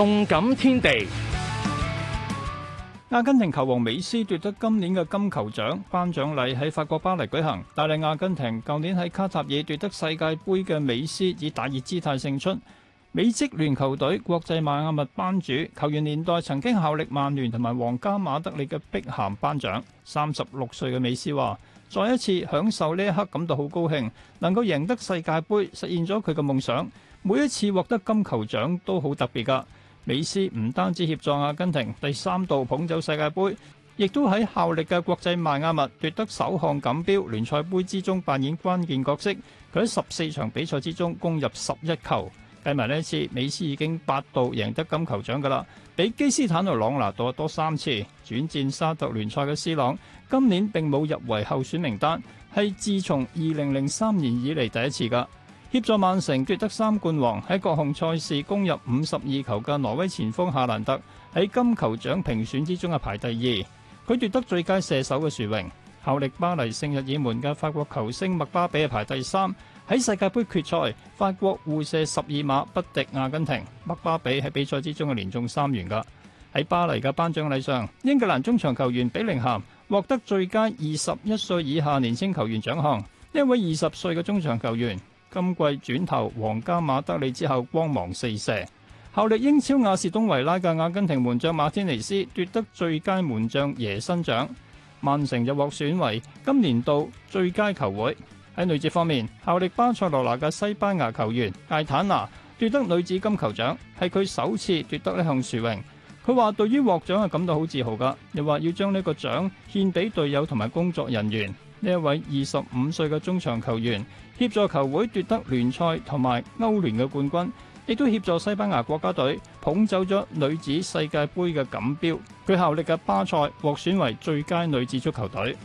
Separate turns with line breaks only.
動感天地，阿根廷球王美斯奪得今年嘅金球獎，頒獎禮喺法國巴黎舉行。帶領阿根廷舊年喺卡塔爾奪得世界盃嘅美斯，以大熱姿態勝出。美職聯球隊國際邁阿密班主球員年代曾經效力曼聯同埋皇家馬德里嘅碧咸頒獎。三十六歲嘅美斯話：再一次享受呢一刻，感到好高興，能夠贏得世界盃，實現咗佢嘅夢想。每一次獲得金球獎都好特別噶。美斯唔單止協助阿根廷第三度捧走世界盃，亦都喺效力嘅國際邁阿密奪得首項錦標聯賽杯之中扮演關鍵角色。佢喺十四場比賽之中攻入十一球，計埋呢一次，美斯已經八度贏得金球獎㗎喇，比基斯坦奴朗拿度多三次。轉戰沙特聯賽嘅 C 朗今年並冇入圍候選名單，係自從二零零三年以嚟第一次㗎。協助曼城奪得三冠王，喺各項賽事攻入五十二球嘅挪威前鋒夏蘭特喺金球獎評選之中係排第二，佢奪得最佳射手嘅殊榮。效力巴黎聖日耳門嘅法國球星麥巴比係排第三。喺世界盃決賽，法國互射十二碼不敵阿根廷，麥巴比喺比賽之中係連中三元。噶喺巴黎嘅頒獎禮上，英格蘭中場球員比寧咸獲得最佳二十一歲以下年輕球員獎項。呢位二十歲嘅中場球員。今季轉投皇家馬德里之後光芒四射，效力英超亞士東維拉嘅阿根廷門將馬天尼斯奪得最佳門將耶辛獎，曼城就獲選為今年度最佳球會。喺女子方面，效力巴塞羅那嘅西班牙球員艾坦娜奪得女子金球獎，係佢首次奪得呢項殊榮。佢話對於獲獎係感到好自豪㗎，又話要將呢個獎獻俾隊友同埋工作人員。呢一位二十五歲嘅中場球員，協助球會奪得聯賽同埋歐聯嘅冠軍，亦都協助西班牙國家隊捧走咗女子世界盃嘅錦標。佢效力嘅巴塞獲選為最佳女子足球隊。